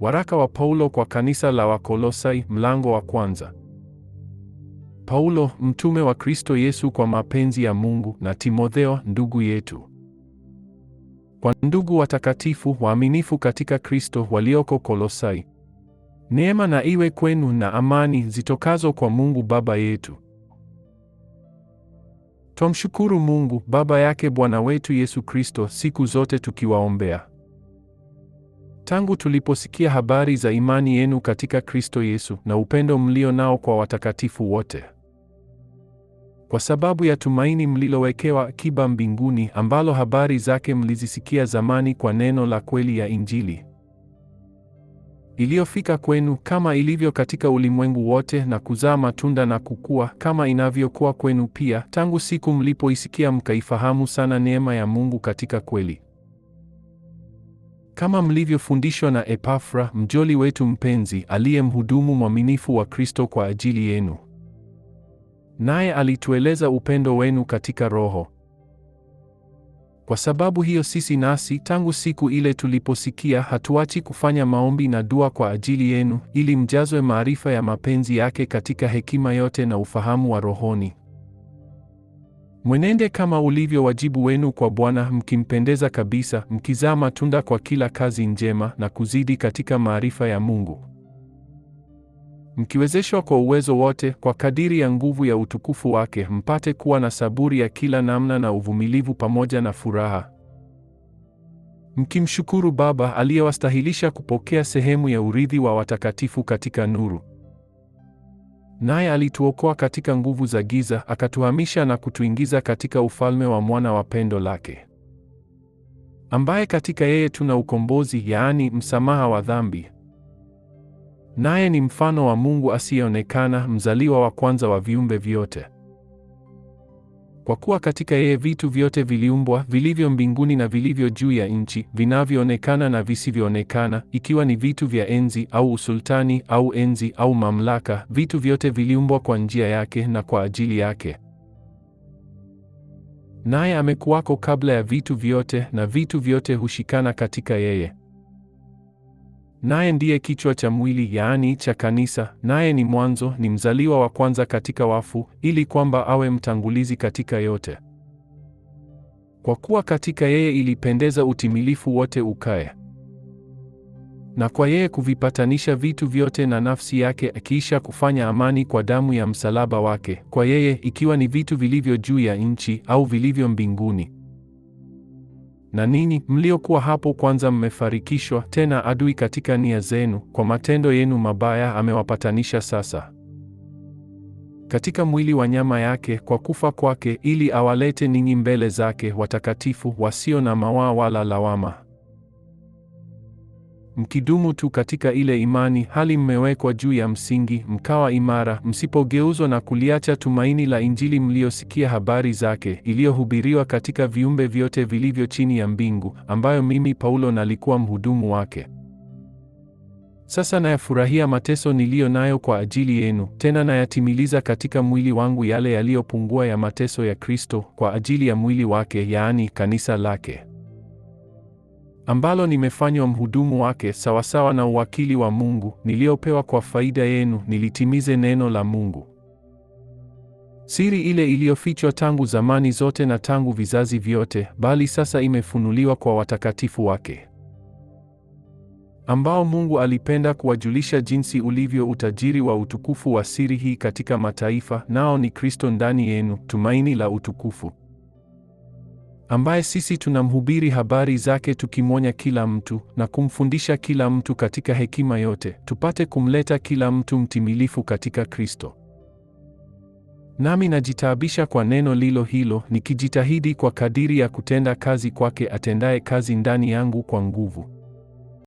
Waraka wa Paulo kwa kanisa la Wakolosai, mlango wa kwanza. Paulo, mtume wa Kristo Yesu kwa mapenzi ya Mungu, na Timotheo ndugu yetu, kwa ndugu watakatifu waaminifu katika Kristo walioko Kolosai. Neema na iwe kwenu na amani zitokazo kwa Mungu Baba yetu. Twamshukuru Mungu Baba yake Bwana wetu Yesu Kristo siku zote tukiwaombea Tangu tuliposikia habari za imani yenu katika Kristo Yesu na upendo mlio nao kwa watakatifu wote, kwa sababu ya tumaini mlilowekewa akiba mbinguni, ambalo habari zake mlizisikia zamani kwa neno la kweli ya Injili iliyofika kwenu kama ilivyo katika ulimwengu wote na kuzaa matunda na kukua kama inavyokuwa kwenu pia, tangu siku mlipoisikia mkaifahamu sana neema ya Mungu katika kweli. Kama mlivyofundishwa na Epafra, mjoli wetu mpenzi, aliye mhudumu mwaminifu wa Kristo kwa ajili yenu. Naye alitueleza upendo wenu katika Roho. Kwa sababu hiyo sisi nasi tangu siku ile tuliposikia hatuachi kufanya maombi na dua kwa ajili yenu, ili mjazwe maarifa ya mapenzi yake katika hekima yote na ufahamu wa rohoni, Mwenende kama ulivyo wajibu wenu kwa Bwana, mkimpendeza kabisa, mkizaa matunda kwa kila kazi njema na kuzidi katika maarifa ya Mungu, mkiwezeshwa kwa uwezo wote kwa kadiri ya nguvu ya utukufu wake, mpate kuwa na saburi ya kila namna na uvumilivu pamoja na furaha, mkimshukuru Baba aliyewastahilisha kupokea sehemu ya urithi wa watakatifu katika nuru. Naye alituokoa katika nguvu za giza, akatuhamisha na kutuingiza katika ufalme wa mwana wa pendo lake, ambaye katika yeye tuna ukombozi, yaani msamaha wa dhambi. Naye ni mfano wa Mungu asiyeonekana, mzaliwa wa kwanza wa viumbe vyote. Kwa kuwa katika yeye vitu vyote viliumbwa, vilivyo mbinguni na vilivyo juu ya nchi, vinavyoonekana na visivyoonekana, ikiwa ni vitu vya enzi au usultani au enzi au mamlaka; vitu vyote viliumbwa kwa njia yake na kwa ajili yake. Naye amekuwako kabla ya vitu vyote, na vitu vyote hushikana katika yeye. Naye ndiye kichwa cha mwili, yaani cha kanisa, naye ni mwanzo, ni mzaliwa wa kwanza katika wafu, ili kwamba awe mtangulizi katika yote. Kwa kuwa katika yeye ilipendeza utimilifu wote ukae. Na kwa yeye kuvipatanisha vitu vyote na nafsi yake, akiisha kufanya amani kwa damu ya msalaba wake, kwa yeye, ikiwa ni vitu vilivyo juu ya nchi au vilivyo mbinguni. Na ninyi mliokuwa hapo kwanza mmefarikishwa, tena adui katika nia zenu kwa matendo yenu mabaya amewapatanisha sasa katika mwili wa nyama yake kwa kufa kwake, ili awalete ninyi mbele zake watakatifu, wasio na mawaa wala lawama. Mkidumu tu katika ile imani, hali mmewekwa juu ya msingi, mkawa imara, msipogeuzwa na kuliacha tumaini la Injili mliyosikia habari zake, iliyohubiriwa katika viumbe vyote vilivyo chini ya mbingu, ambayo mimi Paulo nalikuwa mhudumu wake. Sasa nayafurahia mateso niliyo nayo kwa ajili yenu, tena nayatimiliza katika mwili wangu yale yaliyopungua ya mateso ya Kristo kwa ajili ya mwili wake, yaani kanisa lake ambalo nimefanywa mhudumu wake sawasawa na uwakili wa Mungu niliyopewa kwa faida yenu, nilitimize neno la Mungu, siri ile iliyofichwa tangu zamani zote na tangu vizazi vyote, bali sasa imefunuliwa kwa watakatifu wake ambao Mungu alipenda kuwajulisha jinsi ulivyo utajiri wa utukufu wa siri hii katika mataifa, nao ni Kristo ndani yenu, tumaini la utukufu ambaye sisi tunamhubiri habari zake tukimwonya kila mtu na kumfundisha kila mtu katika hekima yote, tupate kumleta kila mtu mtimilifu katika Kristo. Nami najitaabisha kwa neno lilo hilo, nikijitahidi kwa kadiri ya kutenda kazi kwake atendaye kazi ndani yangu kwa nguvu.